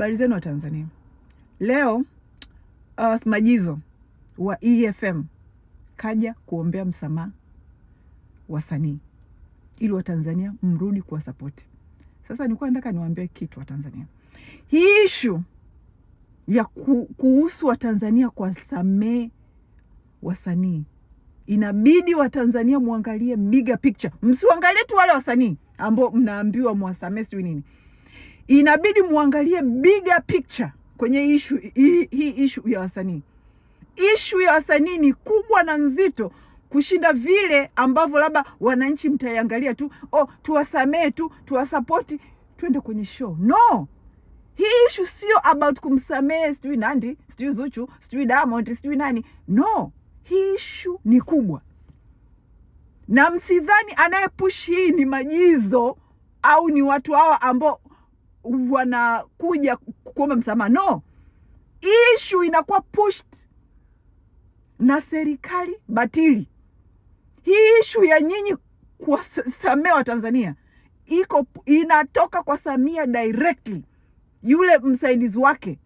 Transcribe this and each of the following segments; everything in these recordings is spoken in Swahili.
Habari zenu wa Tanzania. Leo uh, Majizo wa EFM kaja kuombea msamaha wasanii ili Watanzania mrudi kuwasapoti. Sasa nilikuwa nataka niwaambie kitu Watanzania, hii ishu ya kuhusu Watanzania samee wasanii inabidi Watanzania mwangalie bigger picture, msiangalie tu wale wasanii ambao mnaambiwa mwasamee sijui nini inabidi muangalie bigger picture kwenye ishu hii, hii ishu ya wasanii. Ishu ya wasanii ni kubwa na nzito kushinda vile ambavyo labda wananchi mtaiangalia tu, oh, tuwasamee tu, tuwasapoti, twende kwenye show. No, hii ishu sio about kumsamehe sijui Nandi sijui Zuchu sijui Diamond sijui nani. No, hii ishu ni kubwa, na msidhani anayepush hii ni majizo au ni watu hawa ambao wanakuja kuomba msamaha no ishu inakuwa pushed na serikali batili hii ishu ya nyinyi kuwasamea watanzania iko inatoka kwa samia directly yule msaidizi wake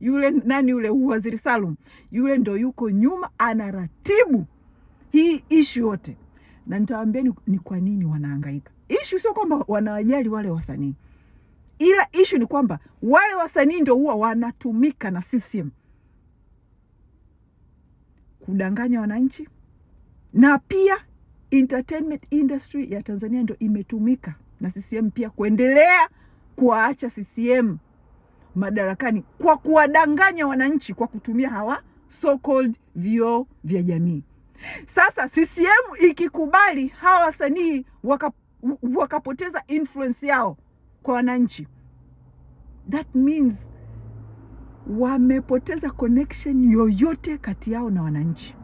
yule nani yule waziri salum yule ndo yuko nyuma anaratibu hii ishu yote na nitawaambia ni, ni kwa nini wanahangaika ishu sio kwamba wanawajali wale wasanii ila ishu ni kwamba wale wasanii ndio huwa wanatumika na CCM kudanganya wananchi, na pia entertainment industry ya Tanzania ndio imetumika na CCM pia kuendelea kuwaacha CCM madarakani kwa kuwadanganya wananchi kwa kutumia hawa so called vioo vya jamii. Sasa CCM ikikubali hawa wasanii wakapoteza influence yao kwa wananchi, that means wamepoteza connection yoyote kati yao na wananchi.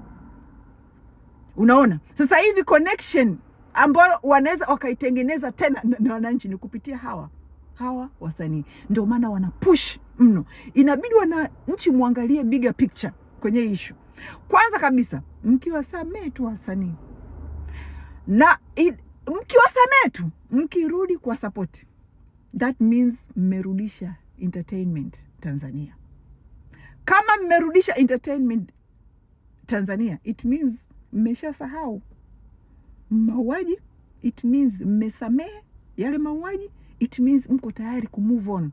Unaona, sasa hivi connection ambayo wanaweza wakaitengeneza tena na wananchi ni kupitia hawa hawa wasanii. Ndio maana wana push mno, inabidi wananchi mwangalie bigger picture kwenye ishu. Kwanza kabisa mkiwasamee tu wasanii na mkiwasamee tu, mkirudi kwa sapoti that means mmerudisha entertainment Tanzania. Kama mmerudisha entertainment Tanzania, it means mmeshasahau mauaji, it means mmesamehe yale mauaji, it means mko tayari kumove on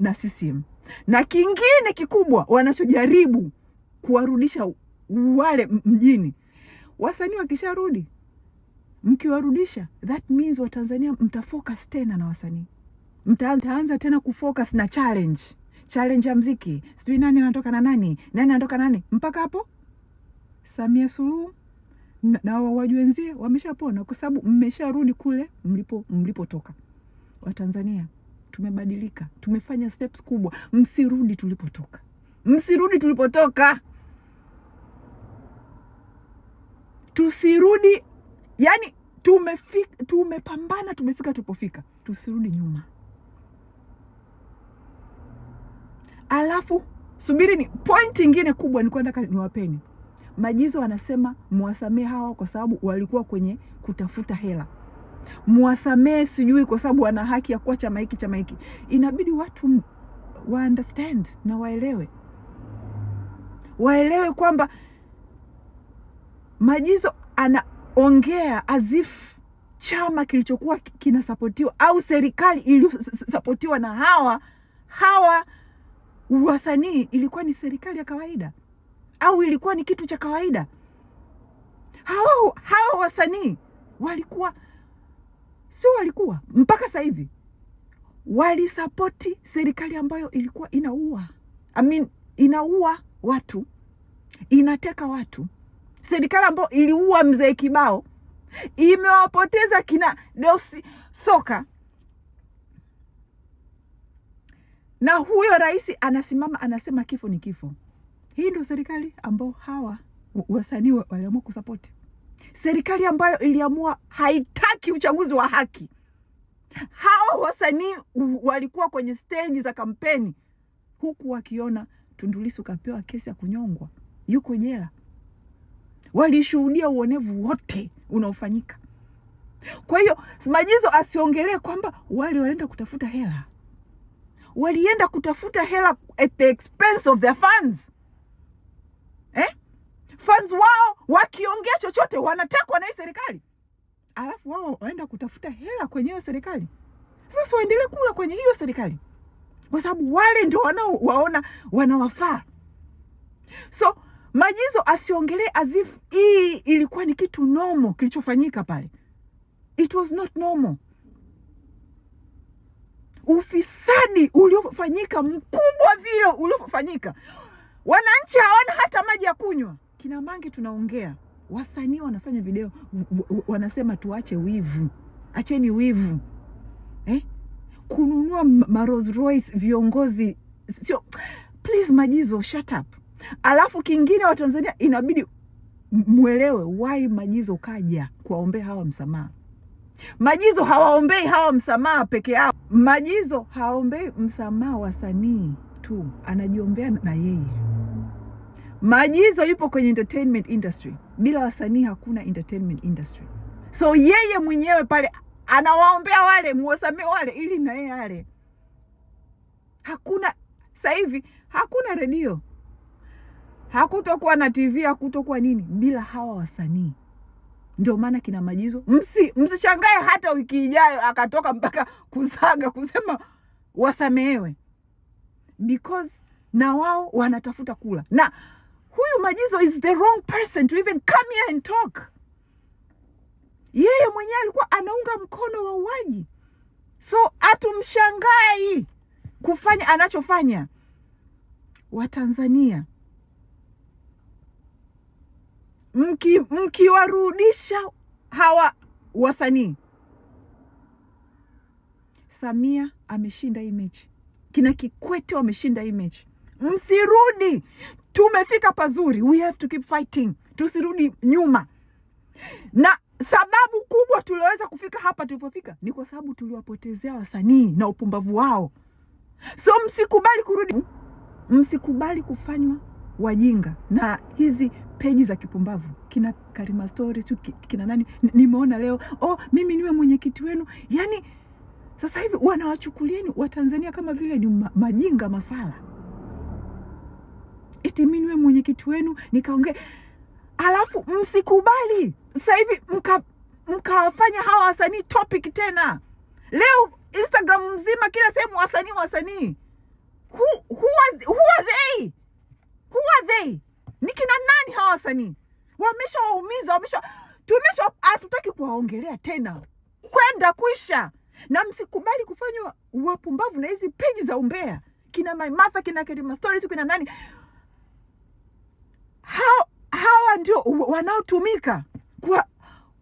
na CCM. Na kingine kikubwa wanachojaribu kuwarudisha wale mjini, wasanii wakisharudi mkiwarudisha that means watanzania mtafocus tena na wasanii mtaanza tena kufocus na challenge challenge ya mziki sijui nani anatoka na nani nani anatoka nani mpaka hapo samia suluhu na wauaji wenzie wameshapona kwa sababu mmesharudi kule mlipo mlipotoka watanzania tumebadilika tumefanya steps kubwa msirudi tulipotoka msirudi tulipotoka tusirudi yani tumefika tumepambana tumefika tupofika tusirudi nyuma alafu subiri ni point ingine kubwa ni nataka niwapeni majizo anasema mwasamee hawa kwa sababu walikuwa kwenye kutafuta hela mwasamee sijui kwa sababu wana haki ya kuwa chama hiki chama hiki inabidi watu wa understand na waelewe waelewe kwamba majizo ana ongea as if chama kilichokuwa kinasapotiwa au serikali iliyosapotiwa na hawa hawa wasanii ilikuwa ni serikali ya kawaida au ilikuwa ni kitu cha kawaida. Hawa hawa wasanii walikuwa sio, walikuwa mpaka sasa hivi walisapoti serikali ambayo ilikuwa inaua I mean, inaua watu inateka watu serikali ambayo iliua mzee Kibao imewapoteza kina Deusi Soka, na huyo rais anasimama anasema kifo ni kifo. Hii ndio serikali ambao hawa wasanii waliamua kusapoti, serikali ambayo iliamua haitaki uchaguzi wa haki. Hawa wasanii walikuwa kwenye steji za kampeni huku wakiona Tundu Lissu kapewa kesi ya kunyongwa, yuko jela walishuhudia uonevu wote unaofanyika. Kwa hiyo majizo asiongelee kwamba wale walienda kutafuta hela, walienda kutafuta hela at the expense of their fans eh? fans wao wakiongea chochote wanatekwa na hii serikali, alafu wao waenda kutafuta hela kwenye hiyo serikali. Sasa waendelee kula kwenye hiyo serikali, kwa sababu wale ndio wanaowaona wanawafaa so Majizo asiongelee as if hii ilikuwa ni kitu normal kilichofanyika pale. It was not normal. Ufisadi uliofanyika mkubwa vile uliofanyika, wananchi hawana hata maji ya kunywa. Kina Mange tunaongea, wasanii wanafanya video wanasema tuache wivu, acheni wivu eh? kununua ma Rolls Royce viongozi sio. Please Majizo, shut up. Alafu kingine Watanzania inabidi mwelewe wai Majizo kaja kuwaombea hawa msamaha. Majizo hawaombei hawa msamaha peke yao. Majizo haombei msamaha wasanii tu, anajiombea na yeye. Majizo yupo kwenye entertainment industry, bila wasanii hakuna entertainment industry. So yeye mwenyewe pale anawaombea wale, muwasamee wale ili na yeye ale. Hakuna sasa hivi, hakuna redio hakutokuwa na TV, hakutokuwa nini bila hawa wasanii. Ndio maana kina Majizo, msi msishangae hata wiki ijayo akatoka mpaka kusaga kusema wasamehewe, because na wao wanatafuta kula, na huyu Majizo is the wrong person to even come here and talk. Yeye mwenyewe alikuwa anaunga mkono wauaji, so atumshangai kufanya anachofanya. Watanzania mkiwarudisha hawa wasanii Samia ameshinda hii mechi, kina Kikwete wameshinda hii mechi. Msirudi, tumefika pazuri, we have to keep fighting, tusirudi nyuma. Na sababu kubwa tulioweza kufika hapa tulipofika ni kwa sababu tuliwapotezea wasanii na upumbavu wao, so msikubali kurudi, msikubali kufanywa wajinga na hizi peji za kipumbavu kina Karima Stories tu kina nani, nimeona leo oh, mimi niwe mwenyekiti wenu. Yani sasa hivi wanawachukulieni Watanzania kama vile ni ma majinga mafala, eti mimi niwe mwenyekiti wenu nikaongea, alafu msikubali sasa hivi mkawafanya hawa wasanii topic tena. Leo Instagram mzima kila sehemu wasanii wasanii, who, who are, who are they? who are they? Ni kina nani hawa wasanii? Wameshawaumiza, wamesha tumesha, hatutaki kuwaongelea tena, kwenda kuisha. Na msikubali kufanywa wapumbavu na hizi peji za umbea, kina Maimatha, kina Kerima Stories, kina nani hawa ndio wanaotumika kwa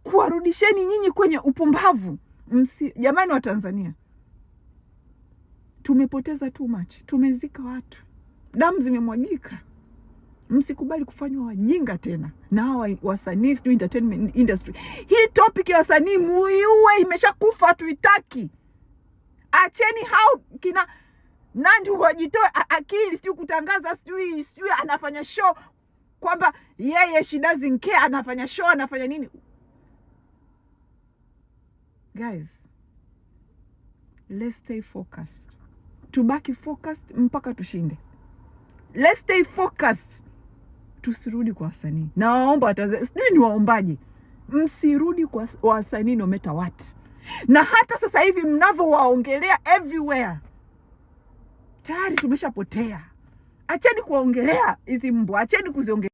kuwarudisheni nyinyi kwenye upumbavu. Msi, jamani wa Tanzania, tumepoteza too much, tumezika watu, damu zimemwagika msikubali kufanywa wajinga tena na hawa wasanii sijui entertainment industry. Hii topic ya wasanii muiue, imeshakufa, tuitaki Acheni hao kina Nandi wajitoe akili, sijui kutangaza, sijui sijui anafanya show kwamba yeye she doesn't care, anafanya show, anafanya nini? Guys, let's stay focused, tubaki focused mpaka tushinde. Let's stay focused tusirudi kwa wasanii na waomba sijui ni waombaji, msirudi kwa wasanii no matter what. Na hata sasa hivi mnavyowaongelea everywhere tayari tumeshapotea. Acheni kuwaongelea hizi mbwa, acheni kuziongelea.